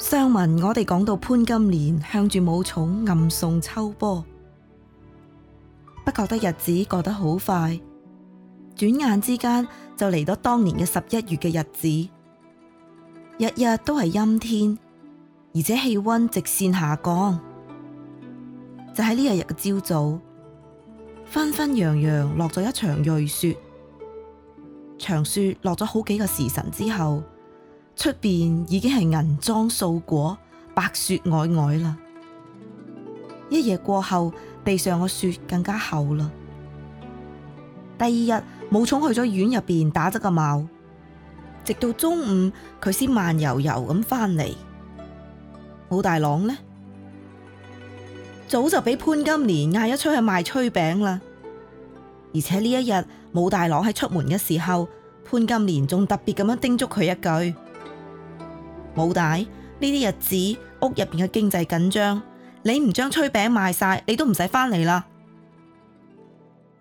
上文我哋講到潘金蓮向住武松暗送秋波，不覺得日子過得好快，轉眼之間就嚟到當年嘅十一月嘅日子，日日都係陰天，而且氣溫直綫下降，就喺呢一日嘅朝早，紛紛揚揚落咗一場瑞雪，場雪落咗好幾個時辰之後。出邊已經係銀裝素裹，白雪皚皚啦。一夜過後，地上嘅雪更加厚啦。第二日，武松去咗院入邊打咗個卯，直到中午佢先慢悠悠咁翻嚟。武大郎呢，早就俾潘金蓮嗌咗出去賣炊餅啦。而且呢一日，武大郎喺出門嘅時候，潘金蓮仲特別咁樣叮囑佢一句。武大，呢啲日子屋入邊嘅經濟緊張，你唔將炊餅賣曬，你都唔使翻嚟啦。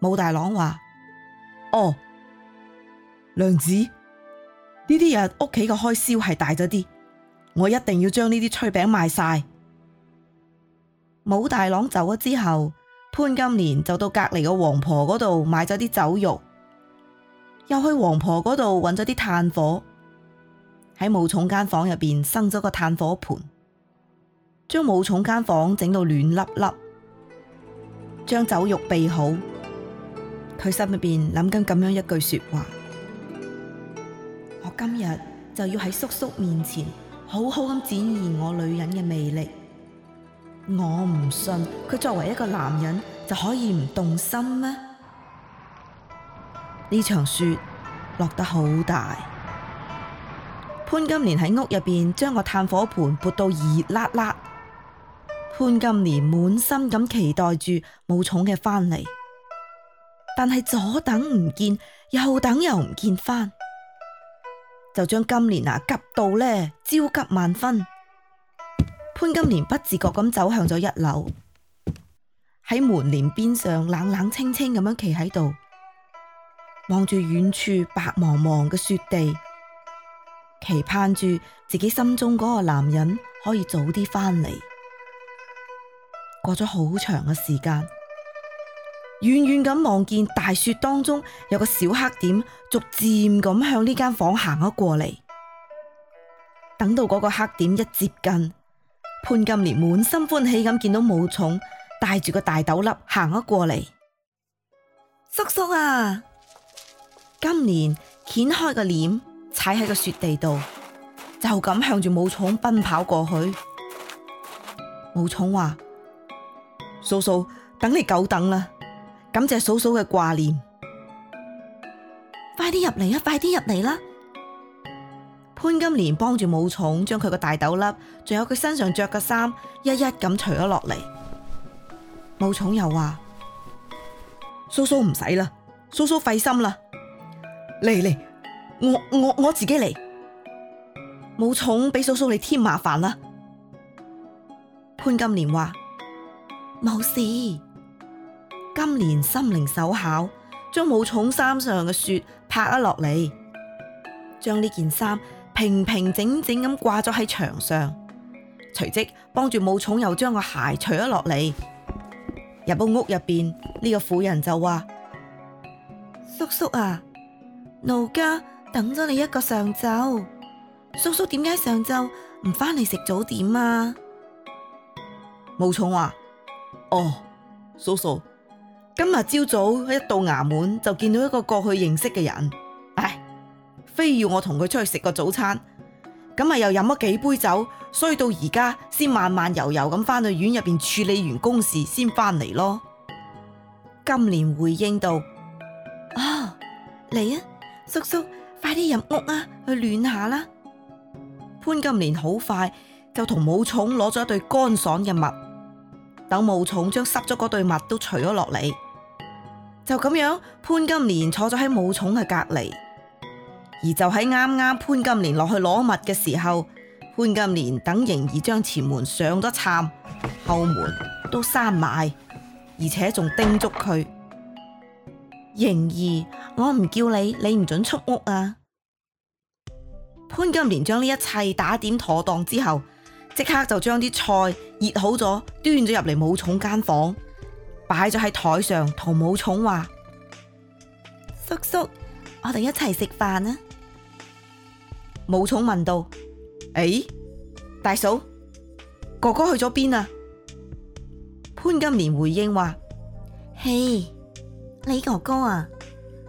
武大郎話：哦，娘子，呢啲日屋企嘅開銷係大咗啲，我一定要將呢啲炊餅賣曬。武大郎走咗之後，潘金蓮就到隔籬嘅王婆嗰度買咗啲酒肉，又去王婆嗰度揾咗啲炭火。喺武松間房入邊生咗個炭火盤，將武松間房整到暖粒粒，將酒肉備好，佢心入邊諗緊咁樣一句說話： 我今日就要喺叔叔面前好好咁展現我女人嘅魅力。我唔信佢作為一個男人就可以唔動心咩？呢 場雪落得好大。潘金蓮喺屋入邊將個炭火盆撥到熱辣辣，潘金蓮滿心咁期待住武松嘅翻嚟，但係左等唔見，右等又唔見翻，就將金蓮啊急到呢，焦急萬分。潘金蓮不自覺咁走向咗一樓，喺門簾邊上冷冷清清咁樣企喺度，望住遠處白茫茫嘅雪地。期盼住自己心中嗰個男人可以早啲翻嚟。過咗好長嘅時間，遠遠咁望見大雪當中有個小黑點，逐漸咁向呢間房行咗過嚟。等到嗰個黑點一接近，潘金蓮滿心歡喜咁見到武松帶住個大斗笠行咗過嚟。叔叔啊，金蓮掀開個臉。踩喺個雪地度，就咁向住武松奔跑過去。武松話：嫂嫂，等你久等啦，感謝嫂嫂嘅掛念。快啲入嚟啊！快啲入嚟啦！潘金蓮幫住武松將佢個大斗笠，仲有佢身上着嘅衫，一一咁除咗落嚟。武松又話：嫂嫂唔使啦，嫂嫂費心啦，嚟嚟。我我我自己嚟，武松俾嫂嫂你添麻煩啦。潘金蓮話冇事，金蓮心靈手巧，將武松衫上嘅雪拍咗落嚟，將呢件衫平平整整咁掛咗喺牆上，隨即幫住武松又將個鞋除咗落嚟。入到屋入邊，呢、這個婦人就話：叔叔啊，奴家。等咗你一個上晝，叔叔點解上晝唔翻嚟食早點啊？毛蟲話：哦，叔叔今日朝早一到衙門就見到一個過去認識嘅人，唉，非要我同佢出去食個早餐，咁咪又飲咗幾杯酒，所以到而家先慢慢悠悠咁翻去院入邊處理完公事先翻嚟咯。金蓮回應道、哦、啊，嚟啊，叔叔。快啲入屋啊！去暖下啦！潘金蓮好快就同武松攞咗一對乾爽嘅襪，等武松將濕咗嗰對襪都除咗落嚟，就咁樣潘金蓮坐咗喺武松嘅隔籬。而就喺啱啱潘金蓮落去攞襪嘅時候，潘金蓮等盈兒將前門上咗閂，後門都閂埋，而且仲叮囑佢盈兒。我唔叫你，你唔准出屋啊！潘金蓮將呢一切打點妥當之後，即刻就將啲菜熱好咗，端咗入嚟武松間房，擺咗喺台上，同武松話：叔叔，我哋一齊食飯啊！武松問道：誒、哎，大嫂，哥哥去咗邊啊？潘金蓮回應話：嘿，hey, 你哥哥啊！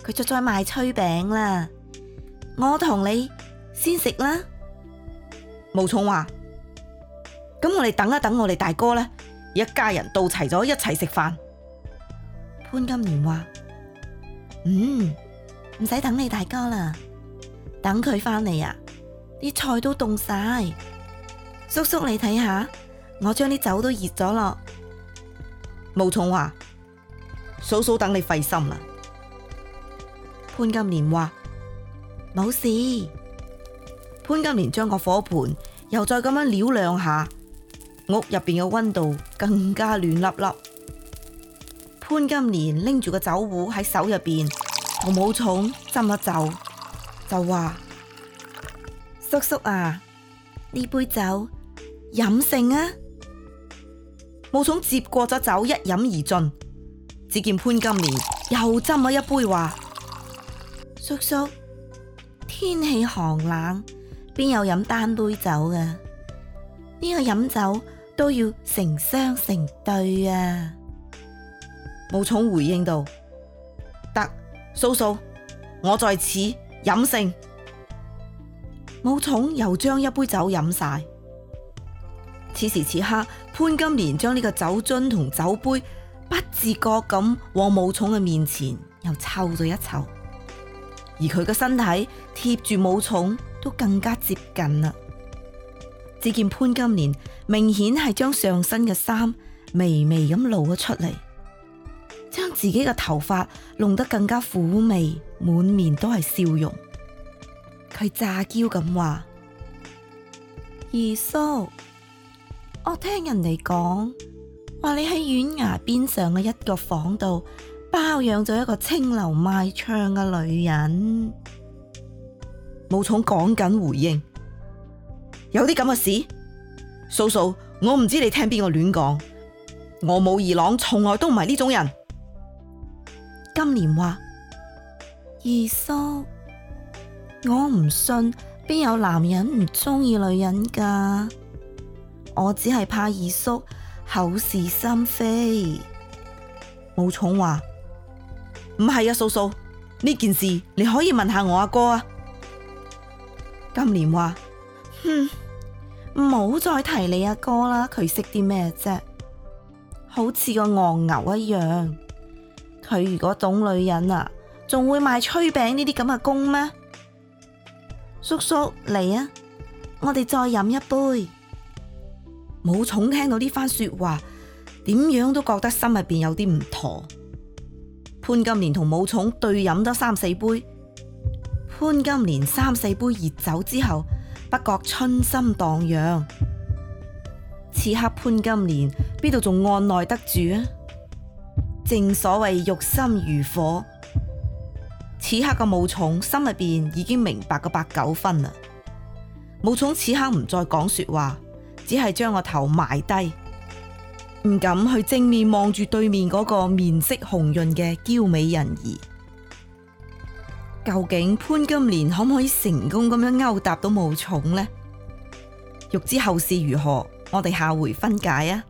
佢就再賣炊餅啦，我同你先食啦。武松話：咁我哋等一等我哋大哥啦，一家人到齊咗一齊食飯。潘金蓮話：嗯，唔使等你大哥啦，等佢翻嚟啊，啲菜都凍晒。叔叔你睇下，我將啲酒都熱咗咯。武松話：嫂嫂等你費心啦。潘金蓮話冇事。潘金蓮將個火盆又再咁樣撩兩下，屋入邊嘅溫度更加暖笠笠。潘金蓮拎住個酒壺喺手入邊，同武松斟咗酒，就話：叔叔啊，呢杯酒飲勝啊！武松接過咗酒一飲而盡。只見潘金蓮又斟咗一杯話。叔叔，天氣寒冷，邊有飲單杯酒嘅？呢個飲酒都要成雙成對啊！武松回應道：得，叔叔，我在此飲勝。武松又將一杯酒飲晒。此時此刻，潘金蓮將呢個酒樽同酒杯不自覺咁往武松嘅面前又湊咗一湊。而佢嘅身體貼住武重都更加接近啦。只見潘金蓮明顯係將上身嘅衫微微咁露咗出嚟，將自己嘅頭髮弄得更加嫵媚，滿面都係笑容。佢詐嬌咁話：二叔，我聽人哋講話你喺縣衙邊上嘅一個房度，包養咗一個青樓賣唱嘅女人，武松趕緊回應：有啲咁嘅事，嫂嫂，我唔知道你聽邊個亂講，我武二郎從來都唔係呢種人。金蓮話：二叔，我唔信，邊有男人唔中意女人噶？我只係怕二叔口是心非。武松話。唔係啊，叔叔，呢件事你可以問下我阿哥啊。金蓮話：哼，唔好再提你阿哥啦，佢識啲咩啫？好似個戇牛一樣。佢如果懂女人啊，仲會賣炊餅呢啲咁嘅工咩？叔叔嚟啊，我哋再飲一杯。武松聽到呢番說話，點樣都覺得心入邊有啲唔妥。潘金蓮同武松對飲咗三四杯，潘金蓮三四杯熱酒之後，不覺春心蕩漾。此刻潘金蓮邊度仲按耐得住啊？正所謂欲心如火，此刻嘅武松心入邊已經明白個八九分啦。武松此刻唔再講說話，只係將個頭埋低。唔敢去正面望住對面嗰個面色紅潤嘅嬌美人兒，究竟潘金蓮可唔可以成功咁樣勾搭到武松呢？欲知後事如何，我哋下回分解啊！